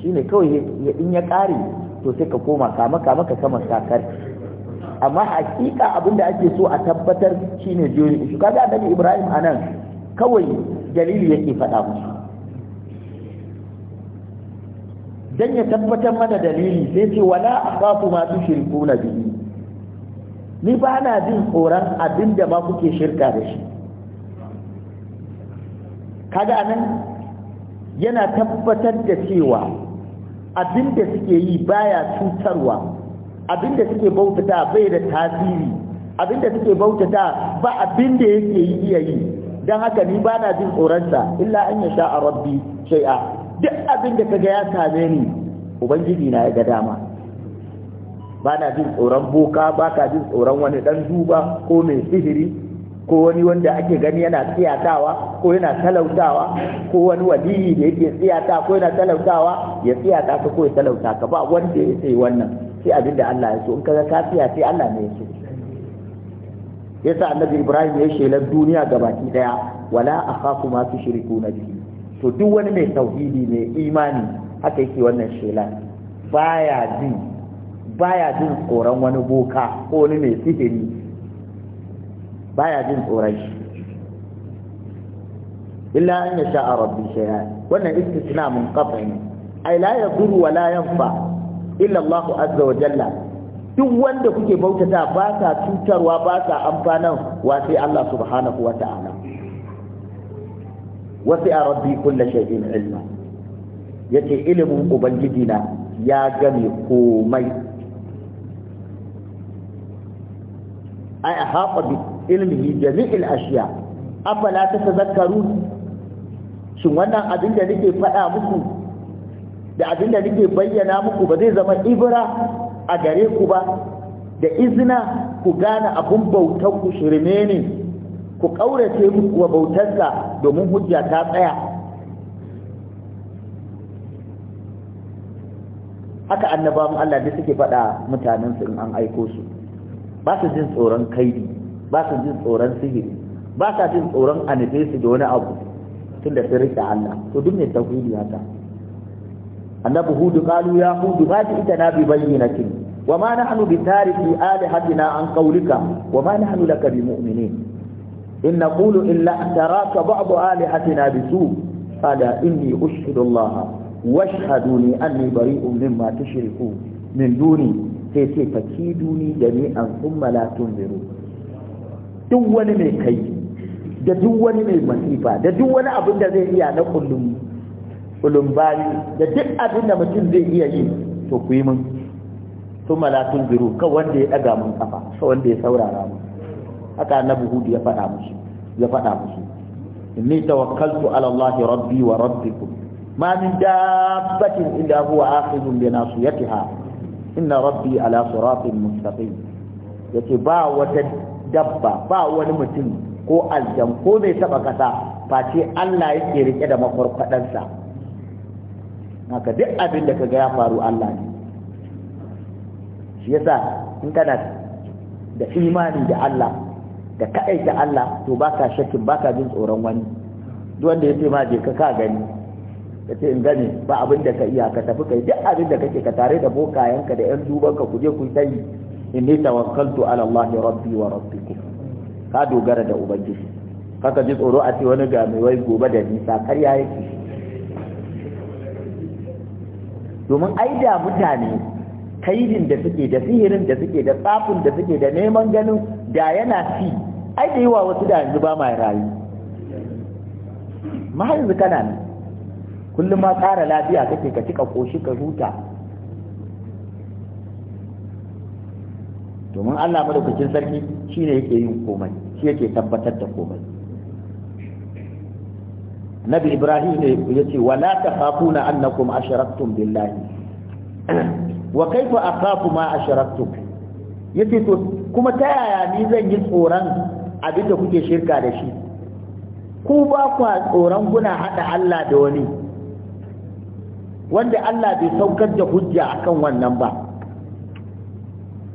shi ne kawai in ya ƙare to sai ka koma kama kama ka sama sakar amma hakika abinda ake so a tabbatar shine jiyoyin shi kaga annabi Ibrahim anan kawai dalili yake faɗa musu dan ya tabbatar mana dalili sai ce wala akhafu ma na bihi ni ba na jin tsoron abin da kuke shirka da shi kaga anan yana tabbatar da cewa abin da suke yi baya cutarwa abin da suke bautata bai da tasiri abin da suke bautata ba abinda da yake yi iya yi don haka ni ba na jin sa illa an ya sha a rabbi shai'a duk abin da kaga ya same ni ubangiji na ya ga dama ba na jin tsoron boka ba ka jin tsoron wani dan duba ko mai sihiri ko wani wanda ake gani yana tsiyatawa ko yana talautawa ko wani waliyi da yake tsiyata ko yana talautawa ya tsiyata ka ko ya talauta ka ba wanda ya sai wannan sai abinda Allah ya so in kaga ka tsiya sai Allah ne ya so yasa annabi ibrahim ya shelar duniya gabaki daya wala akhafu ma tushrikuna bihi to duk wani mai tauhidi mai imani haka yake wannan shela baya jin baya jin tsoron wani boka ko wani mai sihiri baya jin tsoron shi illa an ya sha sha'a rabbi shay'a wannan istisna mun qat'i ai la yadurru wa la yanfa illa Allah azza wa jalla duk wanda kuke bautata ba sa cutarwa ba sa amfanan wa sai Allah subhanahu wa ta'ala wa sai rabbi kullu shay'in ilma yace ilimin ubangiji na ya gane komai ai haɓa bi ilmihi jami'il ashiya afala tatazakkarun shin wannan abin da nake faɗa muku da abin da nake bayyana muku ba zai zama ibra a gare ku ba da izina ku gane abun bautar ku shirme ne ku ƙaurace wa bautarsa domin hujja ta tsaya haka annabawan Allah da suke faɗa mutanensu in an aiko su ba su jin tsoron kaidi ba su jin tsoron sihiri ba sa jin tsoron a su da wani abu tun da sun rike Allah to duk ne tauhidi haka annabi hudu kalu ya hudu ba ta ita na bi bayyanatin wa ma nahnu bi tariki alihatina an qawlika wa ma nahnu laka bi mu'minin in naqulu illa taraka ba'du alihatina bisu qala inni ushhidu Allah washhaduni anni bari'un mimma tushriku min duni sai ce fakiduni jami'an thumma la duk wani mai kai da duk wani mai masifa da duk wani abin da zai iya na kullum bayi da duk abin da mutum zai iya yi to ku yi mun sun malatun biru kan wanda ya ɗaga mun kafa kan wanda ya saurara mu haka na hudu ya faɗa musu ya faɗa musu inni tawakkaltu ala Allah rabbi wa rabbikum ma min dabbatin illa huwa akhidun bi nasiyatiha inna rabbi ala siratin mustaqim yace ba wata dabba ba wani mutum ko aljan ko mai taba kasa face Allah yake rike da makwarkwadansa haka duk abin da kaga ya faru Allah ne shi yasa in kana da imani da Allah da kaɗaita Allah to baka shakin baka jin tsoron wani duk wanda ya ma je ka ka gani ka in gane ba abin da ka iya ka tafi kai duk abin da kake ka tare da bokayenka da yan dubanka ku je ku yi inni tawakkaltu ala Allah rabbi wa rabbikum ka dogara da ubangiji kaka ji tsoro a ce wani ga mai wai gobe da nisa karya yake domin aida mutane kaidin da suke da sihirin da suke da tsafin da suke da neman ganin da yana fi ai da yawa wasu da yanzu ba mai rayu ma yanzu kana nan kullum ma tsara lafiya kake ka cika koshi ka huta domin Allah madaukakin sarki shine yake yin komai shi yake tabbatar da komai Nabi Ibrahim ne ya ce wala takhafuna annakum asharaktum billahi wa kaifa akhafu ma asharaktu yace to kuma ta yaya ni zan yi tsoron abin da kuke shirka da shi ku ba ku tsoron kuna hada Allah da wani wanda Allah bai saukar da hujja akan wannan ba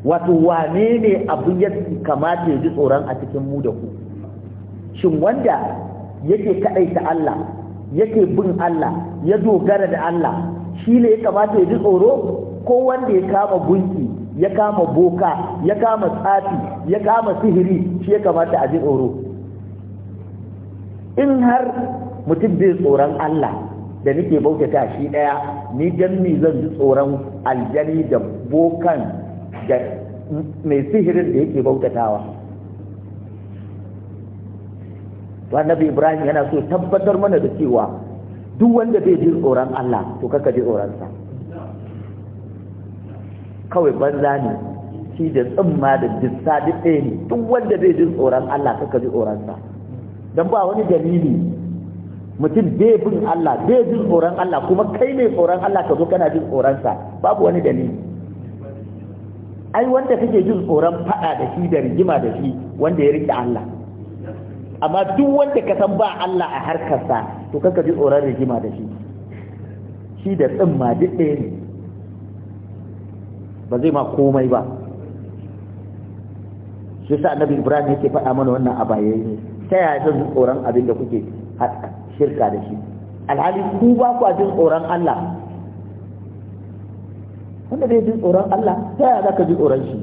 wato wane ne abu ya kamata ya ji tsoron a cikin mu da ku shin wanda yake kadaita Allah yake bin Allah ya dogara da Allah shi ne ya kamata ya ji tsoro ko wanda ya kama gunki ya kama boka ya kama tsafi ya kama sihiri shi ya kamata a ji tsoro in har mutum bai tsoron Allah da nake bautata shi ɗaya, ni dan zan ji tsoron aljani da bokan da mai sihirin da yake bautatawa to annabi Ibrahim yana so tabbatar mana da cewa duk wanda bai ji tsoron Allah to kaka ji tsoron sa kawai banza ne shi da tsimma da dissa duk ɗaya ne duk wanda zai jin tsoron Allah kaka ji tsoronsa don ba wani dalili mutum bai bin Allah bai jin tsoron Allah kuma kai mai tsoron Allah ka zo kana jin tsoronsa babu wani dalili ai wanda kake jin tsoron faɗa da shi da rigima da shi wanda ya rike Allah amma duk wanda ka san ba Allah a harkarsa to kaka ji tsoron rigima da shi shi da tsimma duk ɗaya ne ba zai ma komai ba shi sa annabi ibrahim yake faɗa mana wannan a ne ta yaya zan tsoron abin da kuke shirka da shi alhali ku ba ku jin tsoron Allah wanda bai jin tsoron Allah ta yaya zaka ji tsoron shi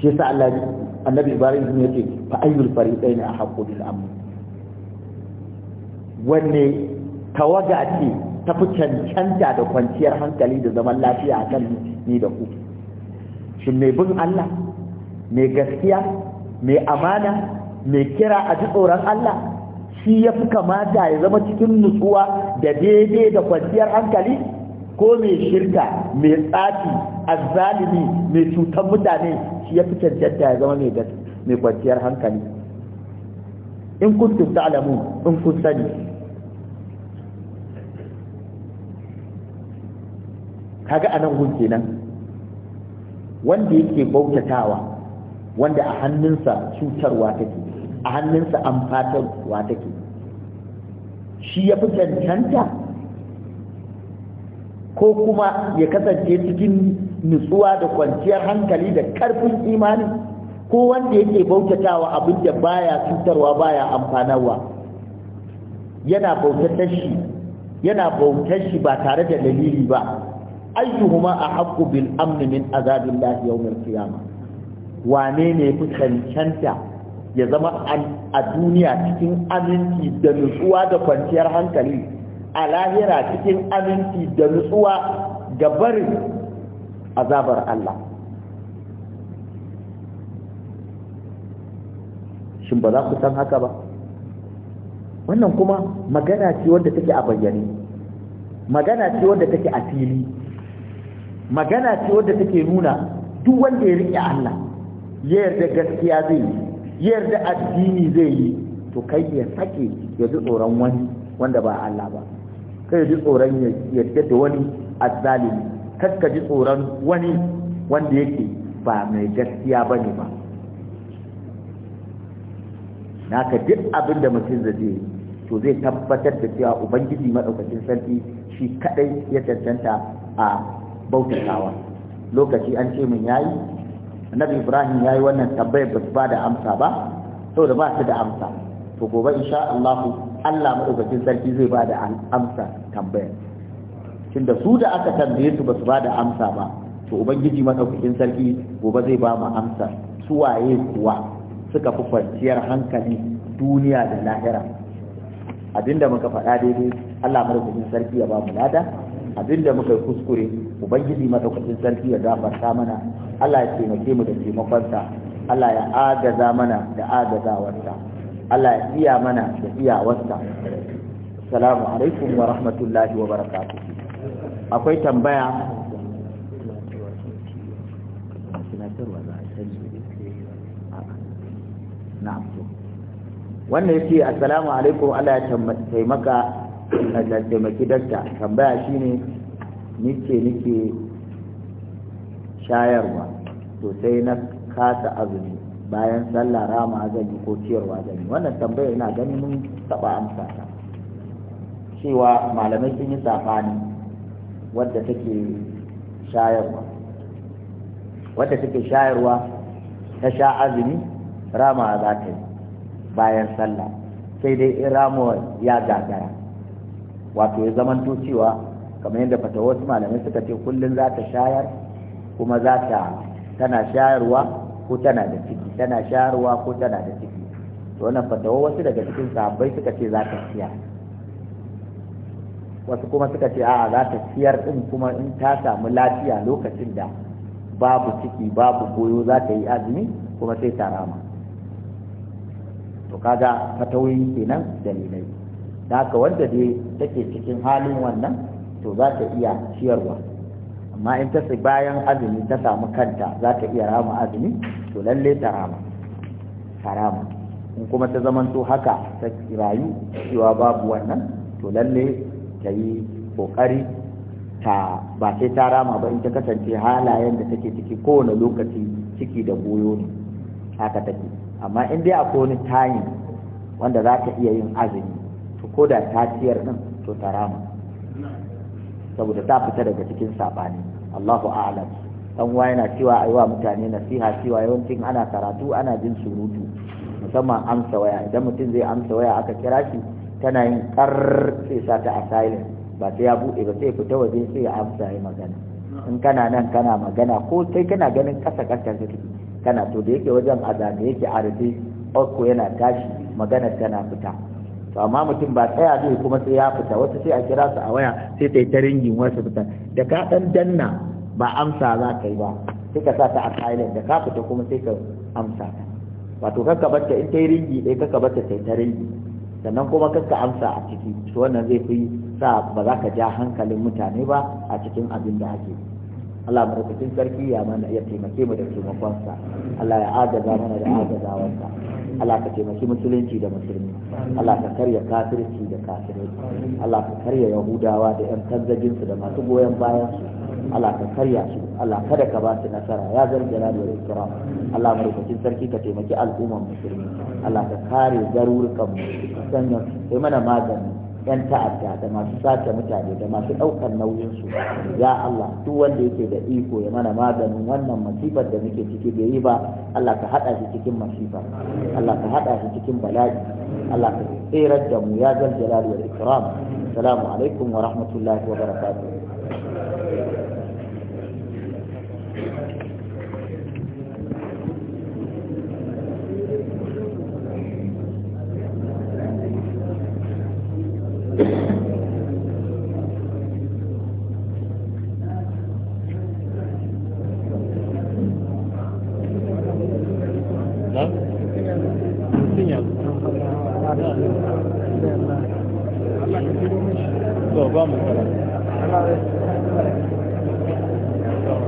shi sa Allah annabi ibrahim yake fa ayyul fariqain ahqqu bil amn wanne tawaga ce ta fi cancanta da kwanciyar hankali da zaman lafiya a kan ni da ku shi mai bin Allah mai gaskiya mai amana mai kira a ji tsoron Allah shi ya fi kamata ya zama cikin nutsuwa da daidai da kwanciyar hankali ko mai shirka mai tsafi azzalimi mai cutar mutane shi ya fi cancanta ya zama mai kwanciyar hankali in kuntum alamu in kun sani kaga a nan gunke nan wanda yake bautatawa wanda a hannunsa cutarwa take a hannunsa an fatarwa take shi ya fi cancanta ko kuma ya kasance cikin nutsuwa da kwanciyar hankali da karfin imani ko wanda yake bautatawa abin da baya cutarwa baya amfanarwa yana bautatar shi yana bautar shi ba tare da dalili ba ayyuhuma ahaqqu bil amn min azabillahi yawmil qiyamah wane ne fi cancanta ya zama a duniya cikin aminci da nutsuwa da kwanciyar hankali a lahira cikin aminci da nutsuwa ga barin azabar Allah shin ba za ku san haka ba wannan kuma magana ce wanda take a bayyane magana ce wanda take a fili magana ce wadda take nuna duk wanda ya riƙe Allah ya yarda gaskiya zai yi ya yarda addini zai yi to kai ya sake ya ji tsoron wani wanda ba Allah ba kai ya ji tsoron ya yarda da wani azzalimi kar ka ji tsoron wani wanda yake ba mai gaskiya ba ne ba naka duk abin da mutum zai yi to zai tabbatar da cewa ubangiji maɗaukacin sarki shi kaɗai ya cancanta a bautatawa lokaci an ce min yayi annabi ibrahim yayi wannan tambayar ba ba da amsa ba da ba su da amsa to gobe insha Allah Allah madaukakin sarki zai ba da amsa tambayar shin da su da aka tambaye su ba su ba da amsa ba to ubangiji madaukakin sarki gobe zai ba mu amsa su waye kuwa suka fi kwanciyar hankali duniya da lahira abinda muka faɗa daidai Allah madaukakin sarki ya ba mu lada abinda muka kuskure ubangiji madaukakin sarki ya gafarta mana Allah ya taimake mu da taimakonsa Allah ya agaza mana da agazawarsa Allah ya iya mana da iyawarsa assalamu alaikum wa rahmatullahi wa barakatuh akwai tambaya na'am wannan yake assalamu alaikum Allah ya taimaka a taimaki dakta tambaya ne nike nike shayarwa to sai na kasa azumi bayan sallah rama zan yi ko ciyarwa zan yi wannan tambaya ina gani mun taba amsa ta cewa malamai sun yi safani wadda take shayarwa wadda take shayarwa ta sha azumi rama za ta yi bayan sallah sai dai in ramuwar ya gagara wato ya zamanto cewa kamar yadda fata wasu malamai suka ce kullum za ta shayar kuma za ta tana shayarwa ko tana da ciki tana shayarwa ko tana da ciki to wannan fatawa wasu daga cikin sahabbai suka ce za ta siya wasu kuma suka ce a'a za ta siyar din kuma in ta samu lafiya lokacin da babu ciki babu goyo za ta yi azumi kuma sai ta rama to kaga fatawoyi kenan dalilai da haka wanda dai take cikin halin wannan to za ta iya ciyarwa amma in ta bayan azumi ta samu kanta za ta iya rama azumi to lalle ta rama in kuma ta zaman to haka ta rayu cewa babu wannan to lalle ta yi kokari ta ba sai ta rama ba in ta kasance halayen da take ciki kowane lokaci ciki da goyo ne haka take amma in dai akwai wani tayin wanda za ta iya yin azumi ko da ta ciyar to ta rama saboda ta fita daga cikin sabani Allahu a'lam dan wa yana cewa ai wa mutane nasiha cewa yawancin ana karatu ana jin surutu musamman amsa waya idan mutum zai amsa waya aka kira shi tana yin kar sai sa ta a silent ba sai ya bude ba sai fita waje sai ya amsa ya magana in kana nan kana magana ko sai kana ganin kasa kasa take kana to da yake wajen azami yake arfi ko yana tashi magana tana fita to amma mutum ba tsaya zai kuma sai ya fita wasu sai a kira su a waya sai ta yi ta ringin wasu fita da ka dan danna ba amsa za ka yi ba sai ka sa ta a silent da ka fita kuma sai ka amsa ta wato kakka batta in ta yi ringi ɗaya kakka batta ta yi ta ringi sannan kuma kakka amsa a ciki to wannan zai fi sa ba za ka ja hankalin mutane ba a cikin abin da ake Allah madaukakin sarki ya mana ya taimake mu da taimakonsa Allah ya agaza mana da agazawarsa Allah ka taimaki musulunci da musulmi Allah ka karya kafirci da kafirai Allah ka karya yahudawa da yan kanzagin su da masu goyon bayan su Allah ka karya su Allah kada ka ba su nasara ya zan jira da ikram Allah madaukakin sarki ka taimaki al'ummar musulmi Allah ka kare garurukan mu sanya sai mana magani yan ta'adda da masu sace mutane da masu ɗaukar nauyinsu ya Allah duk wanda yake da iko ya mana maganin wannan masifar da muke ciki bai yi ba Allah ka haɗa shi cikin masifar Allah ka haɗa shi cikin bala'i Allah ka tsirar da mu ya zan jalal wal ikram assalamu alaikum wa rahmatullahi wa barakatuh